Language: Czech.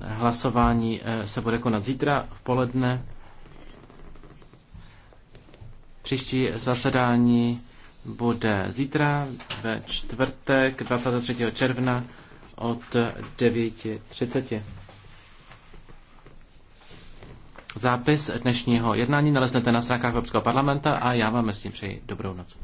Hlasování eh, se bude konat zítra v poledne. Příští zasedání bude zítra ve čtvrtek 23. června od 9.30. Zápis dnešního jednání naleznete na stránkách Evropského parlamenta a já vám s tím přeji dobrou noc.